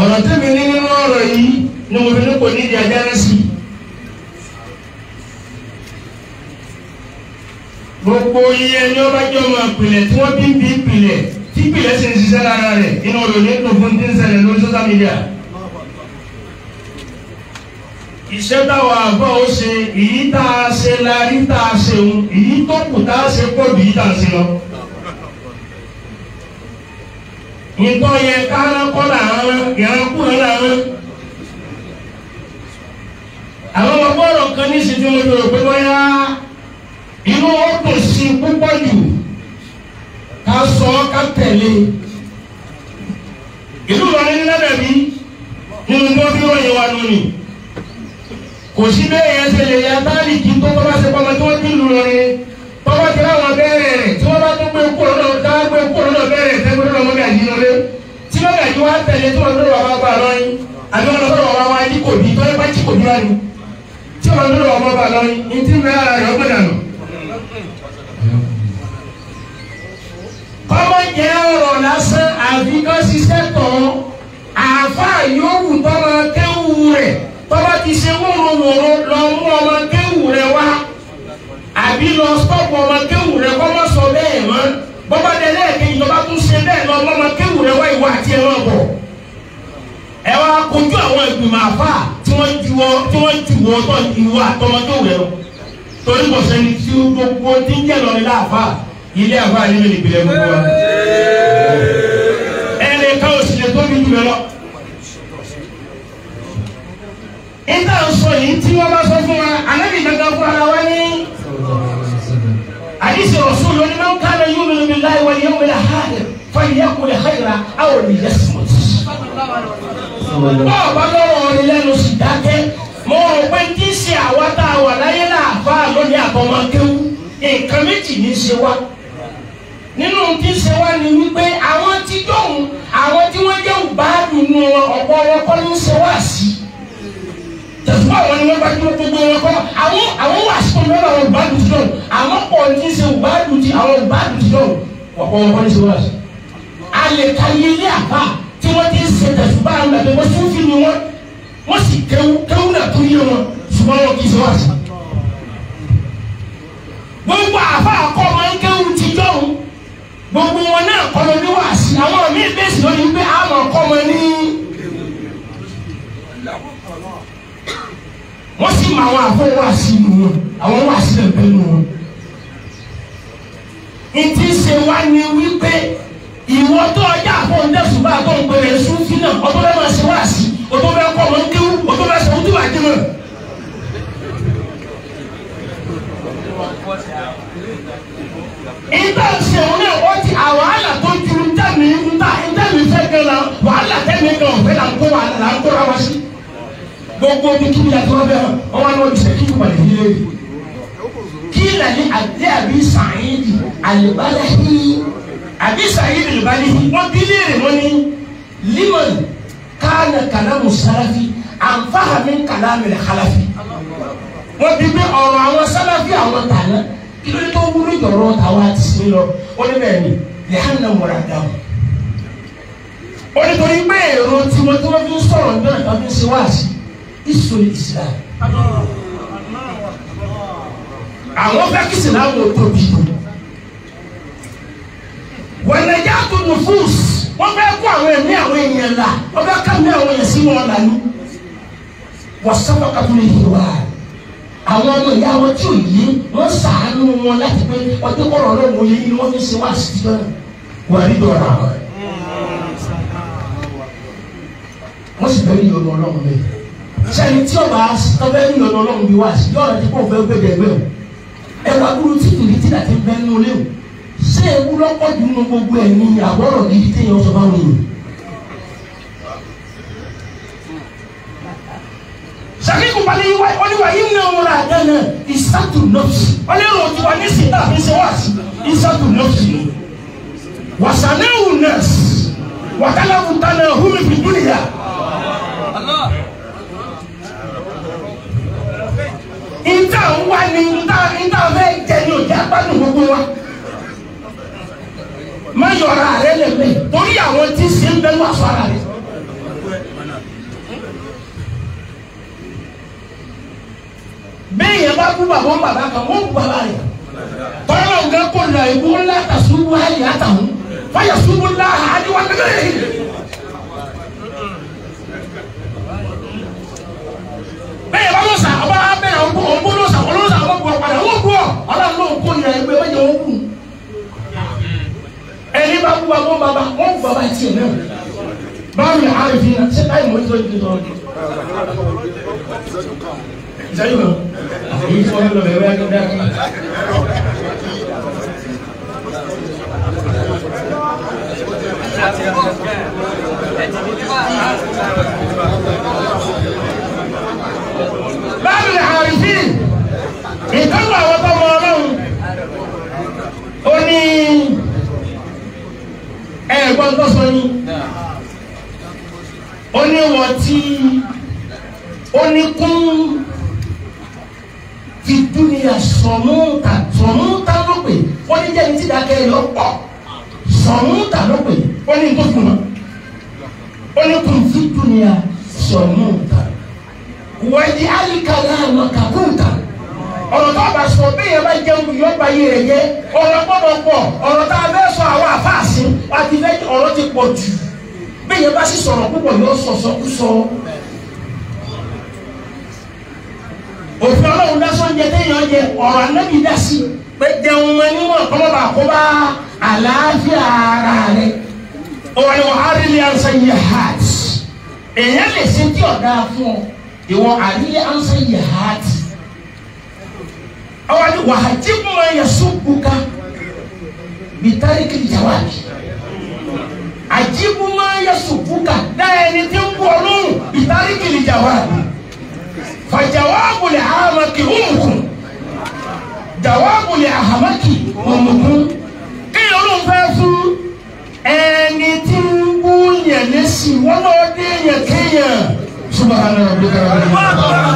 ọ̀rọ̀ tẹ́mi ní nínú ọ̀rọ̀ yìí ni mo fi ní kò ní di ajá sí i. gbogbo iye ni ọba jọ ọmọ ìpìlẹ̀ tí wọ́n bí ń bí ìpìlẹ̀ tí ìpìlẹ̀ sì ń ṣiṣẹ́ lára rẹ̀ inú ọ̀rọ̀ ní tó fún ti lórí social media. iṣẹ́ táwọn àbọ̀ ó ṣe èyí tá a ṣe la rí tá a ṣe òun èyí tó kù tá a ṣe pọ̀ bí èyí tá a ṣe lọ. ntọ́ yẹ kára kọ́lá àwọn yàrá kúrò láwọn. àwọn ọmọ bọ́ọ̀lù kan ní ìṣẹ́jú mo dòrò pé bóyá inú wọn kò sí púpọ̀ jù ká sọ ká tẹ̀lé. ìlú Ìlọrin ní lábẹ́bí nínú tó fi wọ́n yẹ wa nù ni. kò sí bẹ́ẹ̀ yẹn ṣe lè ya táàlì kí tó tọ́ bá ṣe pamọ́ tí wọ́n ti lù lọ́rin tọ́wọ́ ti láwọn bẹ́ẹ̀ rẹ̀ tí wọ́n bá tó. òdúrà ni tí wọn lórí ọmọ bá lọ ní ti ń bẹ ara rẹ ọgbẹ dànù. kọ́mọ jẹ́ ọ̀rọ̀ lásán àfikọ́ ṣiṣẹ́ tán àáfàá yòówù tọ́mọ kéwù rẹ̀ tọ́mọ ti ṣe wòrowòro lọ mú ọmọ kéwù rẹ̀ wá àbí lọ stọ́pù ọmọ kéwù rẹ̀ kọ́mọ sọ bẹ́ẹ̀ mọ́ bọ́bá dẹ́lẹ́ kejì lọ́ba tún ṣe bẹ́ẹ̀ lọ ọmọ kéwù rẹ̀ wá ìwà àti ẹ̀rọ bọ̀ ẹ wá kojú àwọn ìgbìmọ̀ àfáà wọ́n ju ọ tí wọ́n ju ọ tó ju ọ àtọmọdé rẹ o torí kò sẹ́ni tí gbogbo tí ń jẹ́ lọ́rin láàfà ilé àfà yìí lè gbìlẹ̀ gbogbo wa. ẹnì kan ò sì lè tóbi jù lọ. ìta sọ yìí tí wọ́n bá sọ fún wa anábì kankan fún ara wa ní. àdìsí ọ̀sùn lónìí máa ń ká lọ yóò lóbi láì wáyé wọlé ha fàyẹ̀kùn lè hàyìrà àwọn olùyẹ̀sùn náà bá lọ́rọ̀ orin lẹ́nu sì dákẹ́ mo rò pé kí ṣe àwa tá a wà láyé láàbá lónìí àbọ̀mọ́kéwú nǹkan méjì ní í ṣe wá nínú tí ń ṣe wá ni wípé àwọn tí dóhùn àwọn tí wọ́n jẹ́ òbáàdùn nu ọ̀pọ̀ wọn kọ́ ló ń ṣe wá sí tẹ̀sán àwọn ni wọ́n bá dúró gbogbo wọn kọ́ àwọn àwọn wà sí ọmọ àwọn òbáàdùn ti dóhùn àmọ́ pọ̀ ní ṣe òbáàdùn ti àwọn òbáàdùn ti dóhùn ọ̀pọ̀ wọn kọ́ ló ń ṣe wá sí. a lè ka àbá tí wọ́n ti ń ṣe tẹ̀sùbá àgbàdo wọ́n tún fi ni wọ́n wọ́n sì kéwú kéwú náà tó yé wọn ṣùgbọ́n wọn kì í ṣe wá gbogbo àfa àkọ́ máa ń kéwú ti jọ́hún gbogbo wọn náà kọ́ ló ní wàásì àwọn míì bẹ́sì lórí pé àwọn kọ́ wọn ní. wọ́n sì mọ àwọn àfọ wàásì nù wọn àwọn wàásì lè bẹ́ẹ̀ nù wọn. ìtì ṣe wá ní wípé ìwọ tó ọjà àfọ̀n dẹ́sùn bá tó ń pèrè sùn fi náà ọtọ́ bẹ́ẹ̀ máa ṣe wá sí ọtọ́ bẹ́ẹ̀ kọ́ wọn kéwú ọtọ́ bẹ́ẹ̀ sọ ojú àjẹ mọ́. ìgbà òsè òun náà wọ́n ti àwọn àlà tó ju ntẹ́mi ntá ntẹ́mi fẹ́ gan la wàhálà tẹ́mi gan ọ̀fẹ́ la ń kó la ń kó ra wá sí. gbogbo bí kí ni àtúrọ̀ bẹ́ẹ̀ wọ́n wá lọ́ọ́ jìṣẹ́ kí ni wàlẹ̀ yíyé kí ni àdé àbí sàn àbí sàyíd ìbálẹ̀ wọ́n bí léèrè wọ́n ní liman kánà kàlámù sálàfí ànfàhàmì kàlámù khalafi wọ́n bí pé ọ̀rọ̀ àwọn sálàfí àwọn tàná kí ló dé tó wúlò jọ̀rọ̀ tàwa àti sí lọ ó ní bẹ́ẹ̀ ni lẹ́hànà mọ̀ra dáhùn ó ní torí pé èrò tiwọn tí wọ́n fi ń sọ̀rọ̀ ní ọ̀nà tó fi ń ṣe wáàsí ìsòlì ìsìlá àwọn fẹ́ kí sìlámù tóbi wọ́n lè já tó nù fúùs wọ́n fẹ́ kó àwọn ẹ̀mí àwọn èèyàn là wọ́n fẹ́ ká mí àwọn èèyàn sí wọn là ní. wọ́n sábà ká fún èyí wá àwọn ọmọ ìyá wọn tí ò yí wọ́n sàánú wọn láti pé ọdún kọ̀ọ̀rọ̀ náà wọ́n yé ni wọ́n fi ṣe wá sí i náà wọ́n rí dọ̀rọ̀ àwọn wọ́n sì bẹ́ẹ̀ ní ọ̀nà ọlọ́run mi sẹ́ni tí ọba tọ́fẹ́ ní ọ̀nà ọlọ́run mi wá sí yọ̀ọ̀rọ̀ tí kò fẹ́ gbẹ̀gbẹ̀ o ẹ̀wà kúrú tí kìrìtì láti bẹ́ẹ̀ nù léwu ṣé ewu lọ́pọ̀ jù nínú gbogbo ẹ̀ ní àbọ̀rọ̀ gidi téèyàn sọ fáwọn èèyàn. sàkíkù balẹ̀ yìí wáyé oníwà yìí nà wọn àdá náà ìsàtù nọ́ọ̀sì ọlẹ́rọ̀ òjò wa ní sèta àfi ṣe wá sí ìsàtù nọ́ọ̀sì wàsánẹ́wù nọ́ọ̀sì wàkálàwù tánà húmi fìdúnìyà. ìta ń wá ní ìta ìta fẹ́ jẹ ní òjá gbádùn gbogbo wa má yọra rẹ lẹ́gbẹ̀ torí àwọn tí ṣe ń bẹ́ẹ̀ wà fara rẹ. bẹ́ẹ̀ yẹn bá kú bàbá bàbá kan wọ́n kú bàbá rẹ̀ tọ́lá ògá kò nà ìbú ńlá tàṣubú ayé àtàwọn fàyà ṣubú ńlá àdìwọ́n lẹ́gbẹ̀rẹ̀ yìí. bàbá wọn bàbá wọn bàbá tiẹ̀ náà báwo ni àárẹ̀ fi náà ṣé táyì mọ̀ nítorí nítorí ọdún. ìṣẹ́jú kan èyí tí wọ́n lọ bẹ̀rẹ̀ wẹ́ẹ́ kẹ́kẹ́ Thank you. ẹ̀gbọ́n tó sọ ni ó ní wọ́n tí ó ní kún fi dúnìyà sọ̀múta sọ̀múta ló pè wọ́n ní jẹ́ni tí dákẹ́ lọ pọ̀ sọ̀múta ló pè wọ́n ní tó fún wọn ó ní kún fi dúnìyà sọ̀múta wọ́n di àyíkàlà àwọn kàkúta ọ̀rọ̀ tó bá sọ bẹ́ẹ̀ yẹn bá jẹun yọ̀ọ́ bá yẹ rẹ̀ jẹ́ ọ̀rọ̀ gbọ́dọ̀ pọ̀ ọ̀rọ̀ tá a bẹ́ sọ àwọn àfáàsì pọ̀ jù bẹ́ẹ̀ bá sì sọ̀rọ̀ púpọ̀ yóò sọ sọkúsọ. òfin ọlọ́run dá sọ́njẹ téèyàn jẹ ọ̀rọ̀ anábì dá sí pé jẹun mọ níwọ̀n kọ́mọ́bà kó bá àlàáfíà ara rẹ̀ ọ̀rọ̀ ni wọ́n á rí ní ansa yẹ heart èèyàn lè ṣe tí ọ̀dà fún ọ ìwọ̀n àríyé ansa yẹ heart ọ̀rọ̀ ni wàhájí mọ̀ yẹ sùn buka bìtárìkì jawaabi àjíbú máa yẹ sùkúkà dáa ẹni tí ń bọ̀ lóhùn ìtàríkìlì jàwá fàjàwá àbùlẹ̀ àhàmàkì òmùkùn jàwá àbùlẹ̀ àhàmàkì òmùkùn kéèyàn ló ń fẹ́ fún ẹni tí ń bú yẹn lẹ́sìn wọ́n náà dé yẹn kéèyàn subahana rabbi karamani.